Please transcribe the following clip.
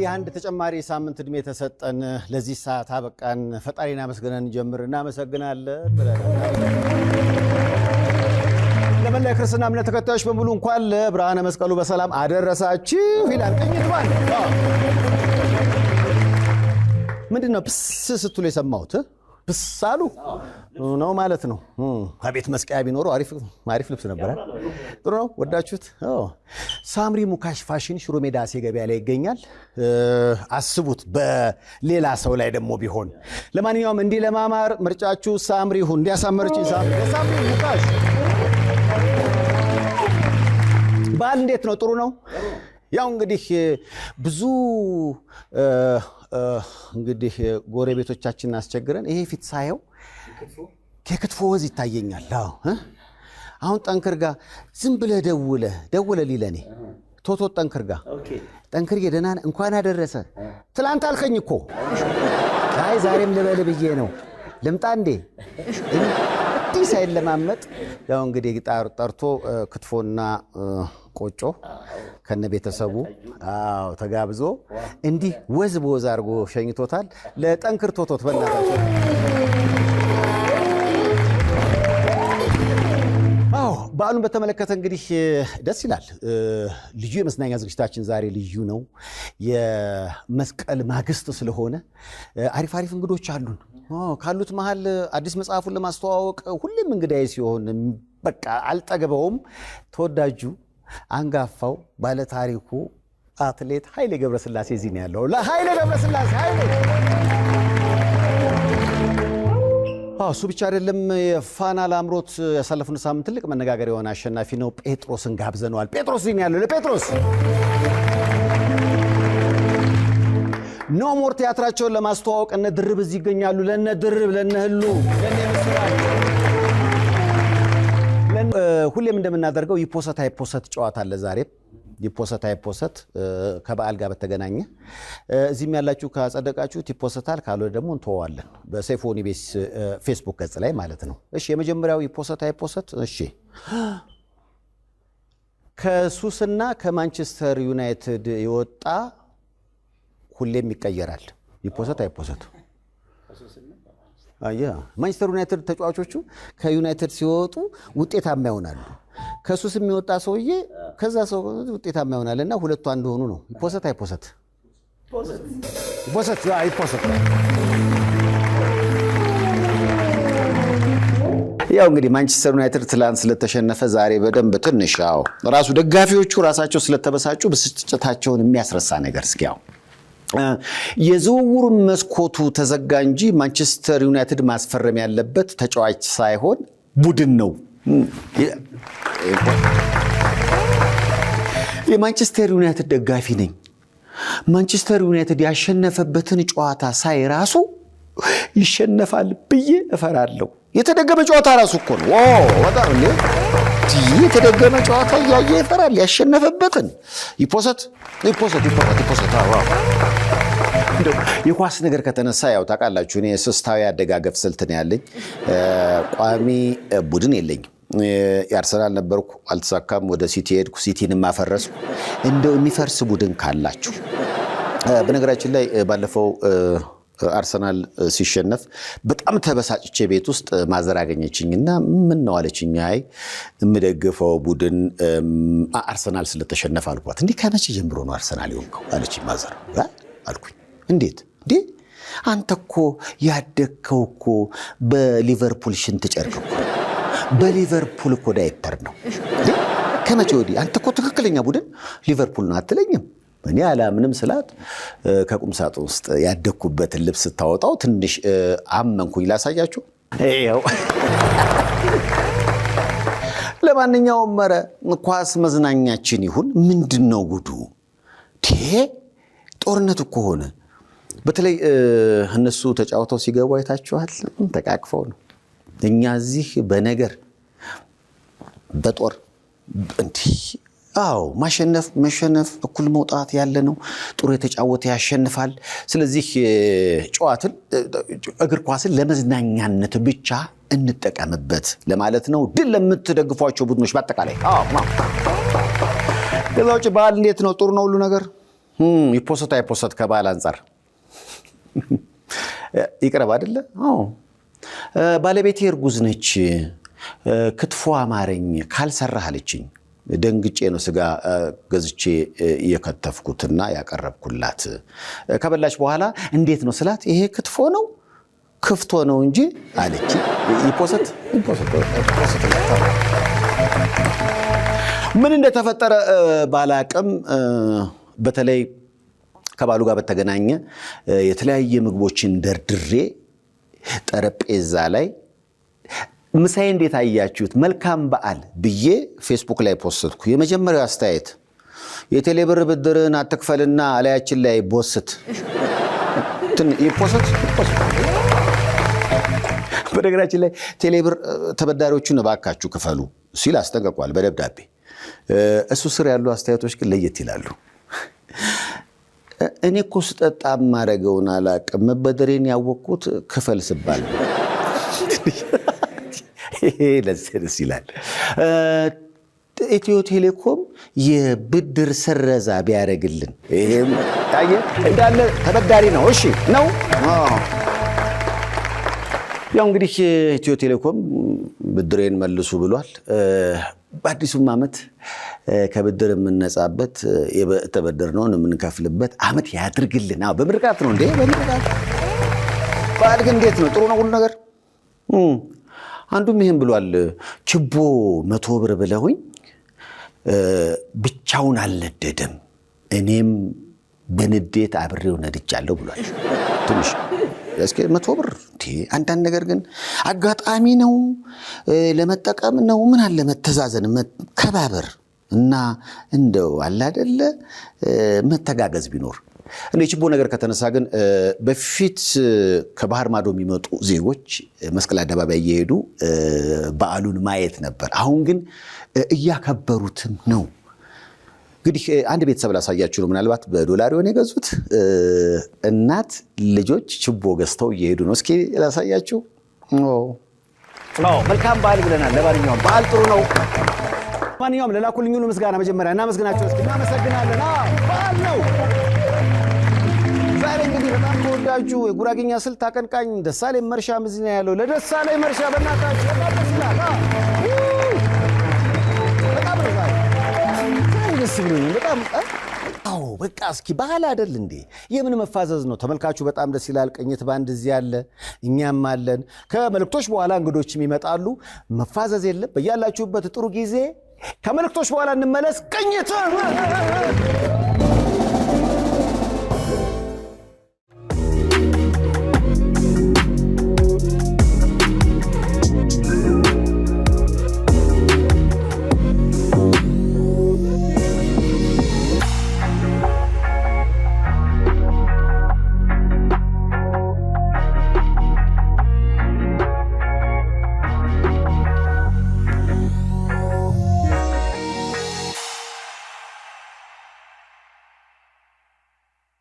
እንግዲህ አንድ ተጨማሪ ሳምንት እድሜ ተሰጠን፣ ለዚህ ሰዓት አበቃን። ፈጣሪ አመስግነን እንጀምር። እናመሰግናለን። ለመላ ክርስትና እምነት ተከታዮች በሙሉ እንኳን ለብርሃነ መስቀሉ በሰላም አደረሳችሁ ይላል ቅኝት ምንድን ነው? ፕስ ስትሉ የሰማሁት ብሳሉ ነው ማለት ነው። ከቤት መስቀያ ቢኖሩ አሪፍ ልብስ ነበረ። ጥሩ ነው። ወዳችሁት። ሳምሪ ሙካሽ ፋሽን ሽሮ ሜዳ አሴ ገበያ ላይ ይገኛል። አስቡት፣ በሌላ ሰው ላይ ደግሞ ቢሆን። ለማንኛውም እንዲህ ለማማር ምርጫችሁ ሳምሪ ሁን። እንዲያሳመርች ሳምሪ ሙካሽ ባል እንዴት ነው? ጥሩ ነው። ያው እንግዲህ ብዙ እንግዲህ ጎረቤቶቻችንን አስቸግረን ይሄ ፊት ሳየው ከክትፎ ወዝ ይታየኛል። አሁን ጠንክር ጋ ዝም ብለ ደውለ ደውለ ሊለኔ ቶቶ ጠንክር ጋ ጠንክርዬ ደህና ነህ እንኳን አደረሰ ትላንት አልከኝ እኮ አይ ዛሬም ልበል ብዬ ነው ልምጣ እንዴ አይን ሳይለማመጥ ያው እንግዲህ ጠርቶ ክትፎና ቆጮ ከነ ቤተሰቡ ተጋብዞ እንዲህ ወዝ በወዝ አድርጎ ሸኝቶታል። ለጠንክርቶቶት በእናታቸው በዓሉን በተመለከተ እንግዲህ ደስ ይላል። ልዩ የመዝናኛ ዝግጅታችን ዛሬ ልዩ ነው። የመስቀል ማግስት ስለሆነ አሪፍ አሪፍ እንግዶች አሉን። ካሉት መሀል አዲስ መጽሐፉን ለማስተዋወቅ ሁሌም እንግዳይ ሲሆን በቃ አልጠገበውም ተወዳጁ አንጋፋው ባለታሪኩ አትሌት ኃይሌ ገብረስላሴ እዚህ ነው ያለው። ለኃይሌ ገብረስላሴ ኃይሌ እሱ ብቻ አይደለም። የፋና ላምሮት ያሳለፉን ሳምንት ትልቅ መነጋገር የሆነ አሸናፊ ነው። ጴጥሮስን ጋብዘነዋል። ጴጥሮስ ዚህ ያለው። ለጴጥሮስ ኖ ሞር ቲያትራቸውን ለማስተዋወቅ እነ ድርብ እዚህ ይገኛሉ። ለነ ድርብ ለነ ህሉ ሁሌም እንደምናደርገው ይፖሰት አይፖሰት ጨዋታ አለ። ዛሬ ይፖሰት አይፖሰት ከበዓል ጋር በተገናኘ እዚህም ያላችሁ ካጸደቃችሁት ይፖሰታል፣ ካልሆነ ደግሞ እንተዋዋለን። በሴፎኒ ቤስ ፌስቡክ ገጽ ላይ ማለት ነው። እሺ፣ የመጀመሪያው ይፖሰት አይፖሰት። እሺ፣ ከሱስና ከማንቸስተር ዩናይትድ የወጣ ሁሌም ይቀየራል። ይፖሰት አይፖሰት ማንቸስተር ዩናይትድ ተጫዋቾቹ ከዩናይትድ ሲወጡ ውጤታማ ይሆናሉ። ከሱስ የሚወጣ ሰውዬ ከዛ ሰው ውጤታማ ይሆናል። እና ሁለቱ አንድ ሆኑ ነው። ይፖሰት አይፖሰት ይፖሰት ይፖሰት። ያው እንግዲህ ማንቸስተር ዩናይትድ ትላንት ስለተሸነፈ ዛሬ በደንብ ትንሽ ያው ራሱ ደጋፊዎቹ ራሳቸው ስለተበሳጩ ብስጭታቸውን የሚያስረሳ ነገር እስኪ ያው የዝውውር መስኮቱ ተዘጋ እንጂ ማንቸስተር ዩናይትድ ማስፈረም ያለበት ተጫዋች ሳይሆን ቡድን ነው። የማንቸስተር ዩናይትድ ደጋፊ ነኝ። ማንቸስተር ዩናይትድ ያሸነፈበትን ጨዋታ ሳይ ራሱ ይሸነፋል ብዬ እፈራለሁ። የተደገመ ጨዋታ ራሱ እኮ ነው። በጣም እንዴ! የተደገመ ጨዋታ እያየ ይፈራል። ያሸነፈበትን ይፖሰት ይፖሰት ይፖሰት። የኳስ ነገር ከተነሳ ያው ታውቃላችሁ፣ እኔ ስስታዊ አደጋገፍ ስልት ነው ያለኝ። ቋሚ ቡድን የለኝም። የአርሰናል ነበርኩ፣ አልተሳካም። ወደ ሲቲ ሄድኩ፣ ሲቲን ማፈረስኩ። እንደው የሚፈርስ ቡድን ካላችሁ በነገራችን ላይ ባለፈው አርሰናል ሲሸነፍ በጣም ተበሳጭቼ ቤት ውስጥ ማዘር እና ምን ነው አለችኝ። አይ የምደግፈው ቡድን አርሰናል ስለተሸነፈ አልኳት። እንዲህ ከመቼ ጀምሮ ነው አርሰናል የሆንከው አለችኝ ማዘር አልኩኝ። እንዴት እንዴ አንተ እኮ ያደግከው እኮ በሊቨርፑል ሽንት ጨርቅ እኮ በሊቨርፑል እኮ ዳይፐር ነው። ከመቼ ወዲህ አንተ እኮ ትክክለኛ ቡድን ሊቨርፑል ነው አትለኝም እኔ አላምንም ስላት ከቁም ሳጥን ውስጥ ያደግኩበትን ልብስ ስታወጣው ትንሽ አመንኩኝ። ላሳያችሁ ይኸው። ለማንኛውም መረ ኳስ መዝናኛችን ይሁን። ምንድን ነው ጉዱ? ጦርነት እኮ ሆነ። በተለይ እነሱ ተጫውተው ሲገቡ አይታችኋል። ተቃቅፈው ነው። እኛ እዚህ በነገር በጦር እንዲህ አዎ ማሸነፍ መሸነፍ እኩል መውጣት ያለ ነው። ጥሩ የተጫወተ ያሸንፋል። ስለዚህ ጨዋትን እግር ኳስን ለመዝናኛነት ብቻ እንጠቀምበት ለማለት ነው። ድል ለምትደግፏቸው ቡድኖች በአጠቃላይ ከዛ ውጭ በዓል እንዴት ነው? ጥሩ ነው ሁሉ ነገር ይፖሰት አይፖሰት ከበዓል አንጻር ይቅረብ አይደለ? ባለቤቴ እርጉዝ ነች፣ ክትፎ አማረኝ ካልሰራህ አለችኝ። ደንግጬ ነው ስጋ ገዝቼ የከተፍኩትና ያቀረብኩላት። ከበላች በኋላ እንዴት ነው ስላት፣ ይሄ ክትፎ ነው ክፍቶ ነው እንጂ አለች። ይፖሰት ምን እንደተፈጠረ ባላቅም በተለይ ከባሉ ጋር በተገናኘ የተለያየ ምግቦችን ደርድሬ ጠረጴዛ ላይ ምሳዬ እንዴት አያችሁት? መልካም በዓል ብዬ ፌስቡክ ላይ ፖስትኩ። የመጀመሪያው አስተያየት የቴሌብር ብድርን አትክፈልና እላያችን ላይ ቦስት ይፖስት። በነገራችን ላይ ቴሌብር ተበዳሪዎቹን እባካችሁ ክፈሉ ሲል አስጠንቅቋል በደብዳቤ። እሱ ስር ያሉ አስተያየቶች ግን ለየት ይላሉ። እኔ እኮ ስጠጣ ማረገውን አላቅም። መበደሬን ያወቅኩት ክፈል ስባል ለዚህ ደስ ይላል። ኢትዮ ቴሌኮም የብድር ስረዛ ቢያደርግልን እንዳለ ተበዳሪ ነው። እሺ ነው ያው እንግዲህ ኢትዮ ቴሌኮም ብድሬን መልሱ ብሏል። በአዲሱም ዓመት ከብድር የምንነጻበት የተበደርነውን የምንከፍልበት ዓመት ያድርግልን። በምርቃት ነው እንዴ? በምርቃት በዓል ግን እንዴት ነው? ጥሩ ነው ሁሉ ነገር አንዱም ይህን ብሏል። ችቦ መቶ ብር ብለውኝ ብቻውን አልነደደም፣ እኔም በንዴት አብሬው ነድጃለሁ ብሏል። ትንሽ እስኪ መቶ ብር አንዳንድ ነገር ግን አጋጣሚ ነው ለመጠቀም ነው። ምን አለ መተዛዘን፣ መከባበር እና እንደው አላደለ መተጋገዝ ቢኖር እንደ የችቦ ነገር ከተነሳ ግን በፊት ከባህር ማዶ የሚመጡ ዜጎች መስቀል አደባባይ እየሄዱ በዓሉን ማየት ነበር። አሁን ግን እያከበሩትም ነው። እንግዲህ አንድ ቤተሰብ ላሳያችሁ ነው። ምናልባት በዶላር ሆን የገዙት እናት ልጆች ችቦ ገዝተው እየሄዱ ነው። እስኪ ላሳያችሁ። መልካም በዓል ብለናል። ለማንኛውም በዓል ጥሩ ነው። ማንኛውም ለላኩልኝ ሁሉ ምስጋና መጀመሪያ እናመስግናቸው። እስኪ እናመሰግናለን። በዓል ነው። ተወዳጁ የጉራጌኛ ስልት አቀንቃኝ ደሳሌ መርሻ ምዝኛ ያለው ለደሳሌ መርሻ በእናታችሁ ደስ ይላል። በጣም አዎ፣ በቃ እስኪ ባህል አደል እንዴ? የምን መፋዘዝ ነው? ተመልካቹ በጣም ደስ ይላል። ቅኝት ባንድ እዚህ አለ፣ እኛም አለን። ከመልእክቶች በኋላ እንግዶችም ይመጣሉ። መፋዘዝ የለም። በያላችሁበት ጥሩ ጊዜ። ከመልእክቶች በኋላ እንመለስ። ቅኝት